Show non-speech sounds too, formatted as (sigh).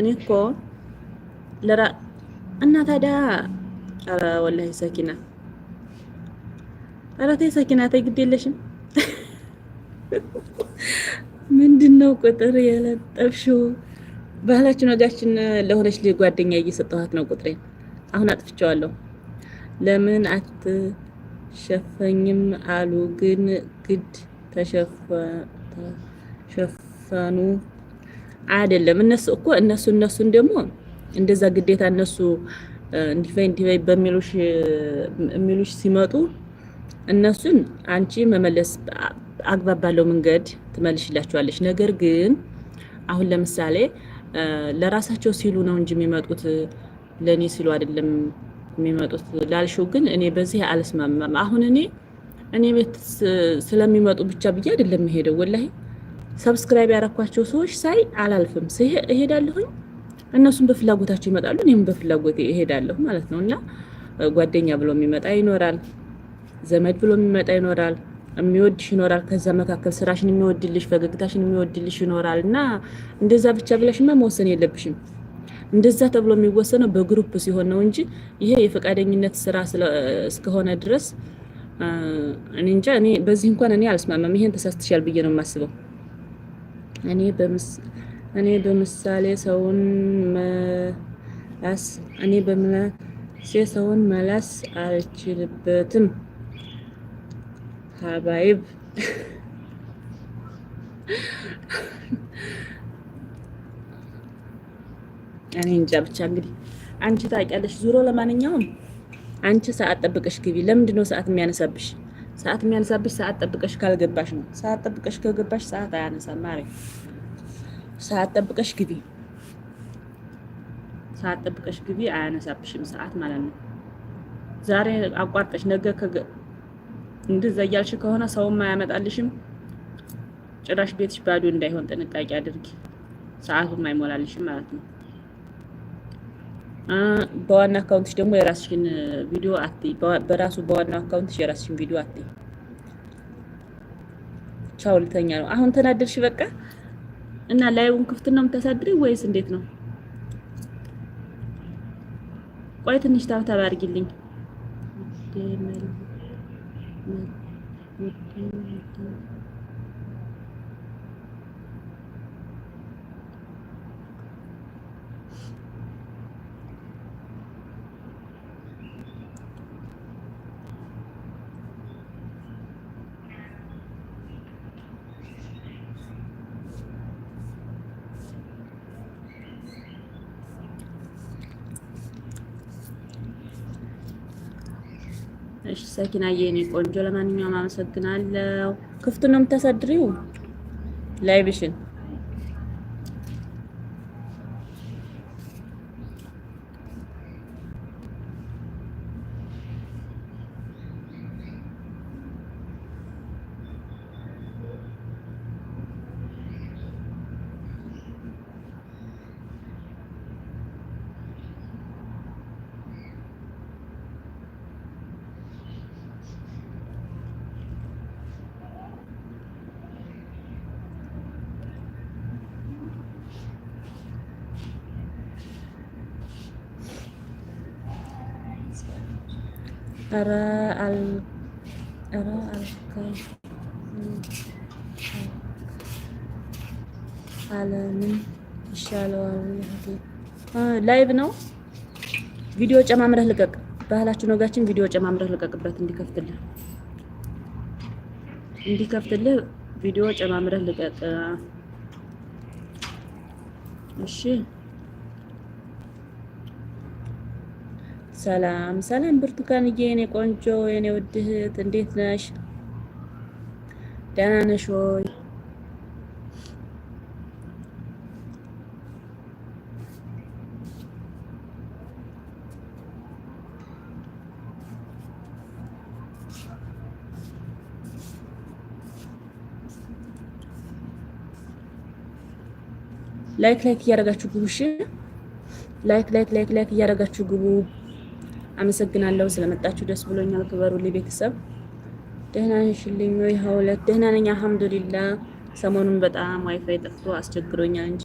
እኔ እኮ ለራ እና ታዲያ ኧረ ወላሂ ሰኪና ኧረ ተይ ሰኪና ተይ ግድ የለሽም (laughs) ምንድን ነው ቁጥር የለጠፍሽው ባህላችን ወጋችን ለሆነች ልጅ ጓደኛ እየሰጠኋት ነው ቁጥሬን አሁን አጥፍቼዋለሁ ለምን አትሸፈኝም አሉ ግን ግድ ተሸፈኑ አይደለም። እነሱ እኮ እነሱ እነሱን ደግሞ እንደዛ ግዴታ እነሱ እንዲፋይ እንዲፋይ በሚሉሽ የሚሉሽ ሲመጡ እነሱን አንቺ መመለስ አግባብ ባለው መንገድ ትመልሽላቸዋለች። ነገር ግን አሁን ለምሳሌ ለራሳቸው ሲሉ ነው እንጂ የሚመጡት ለእኔ ሲሉ አይደለም የሚመጡት ላልሽው፣ ግን እኔ በዚህ አልስማማም። አሁን እኔ እኔ ቤት ስለሚመጡ ብቻ ብዬ አይደለም የሄደው ወላሂ ሰብስክራይብ ያረኳቸው ሰዎች ሳይ አላልፍም፣ እሄዳለሁኝ። እነሱም በፍላጎታቸው ይመጣሉ፣ እኔም በፍላጎት እሄዳለሁ ማለት ነው። እና ጓደኛ ብሎ የሚመጣ ይኖራል፣ ዘመድ ብሎ የሚመጣ ይኖራል፣ የሚወድሽ ይኖራል። ከዛ መካከል ስራሽን የሚወድልሽ ፈገግታሽን የሚወድልሽ ይኖራል። እና እንደዛ ብቻ ብለሽማ መወሰን የለብሽም። እንደዛ ተብሎ የሚወሰነው በግሩፕ ሲሆን ነው እንጂ ይሄ የፈቃደኝነት ስራ እስከሆነ ድረስ እኔ እንጃ። እኔ በዚህ እንኳን እኔ አልስማማም። ይሄን ተሳስተሻል ብዬ ነው የማስበው። እኔ በምሳሌ ሰውን እኔ በምላሴ ሰውን መላስ አልችልበትም። ሀባይብ (laughs) እኔ እንጃ ብቻ እንግዲህ አንቺ ታውቂያለሽ። ዙሮ ለማንኛውም አንቺ ሰዓት ጠብቀሽ ግቢ። ለምንድን ነው ሰዓት የሚያነሳብሽ? ሰዓት የሚያነሳብሽ ሰዓት ጠብቀሽ ካልገባሽ ነው። ሰዓት ጠብቀሽ ከገባሽ ሰዓት አያነሳም። ማሪ ሰዓት ጠብቀሽ ግቢ፣ ሰዓት ጠብቀሽ ግቢ፣ አያነሳብሽም ሰዓት ማለት ነው። ዛሬ አቋርጠሽ ነገ እንደዛ እያልሽ ከሆነ ሰውም አያመጣልሽም። ጭራሽ ቤትሽ ባዶ እንዳይሆን ጥንቃቄ አድርጊ። ሰዓቱም አይሞላልሽም ማለት ነው። በዋና አካውንትሽ ደግሞ የራስሽን ቪዲዮ አትይ። በራሱ በዋናው አካውንትሽ የራስሽን ቪዲዮ አትይ። ቻው፣ ልተኛ ነው። አሁን ተናደርሽ በቃ። እና ላይቡን ክፍት ነው የምታሳድሪ ወይስ እንዴት ነው? ቆይ ትንሽ ታብታብ አድርጊልኝ። እሺ ሰኪናዬ፣ የኔ ቆንጆ፣ ለማንኛውም አመሰግናለሁ። ክፍት ነው የምታሳድሪው ላይብሽን ኧረ አለምን ይሻለዋል። ላይቭ ነው። ቪዲዮ ጨማምረህ ልቀቅ። ባህላችሁ ነጋችን ቪዲዮ ጨማምረህ ልቀቅበት፣ እንዲከፍትልህ እንዲከፍትልህ ቪዲዮ ጨማምረህ ልቀቅ። እሺ ሰላም ሰላም ብርቱካንዬ፣ የኔ ቆንጆ፣ የኔ ውድ እህት እንዴት ነሽ? ደህና ነሽ ወይ? ላይክ ላይክ እያደረጋችሁ ግቡ። እሺ ላይክ ላይክ ላይክ ላይክ እያደረጋችሁ ግቡ። አመሰግናለሁ። ስለመጣችሁ ደስ ብሎኛል። ክበሩ ቤተሰብ ደህና ሽልኝ ወይ? ሀውለት ደህና ነኝ አልሐምዱሊላ። ሰሞኑን በጣም ዋይፋይ ጠፍቶ አስቸግሮኛል እንጂ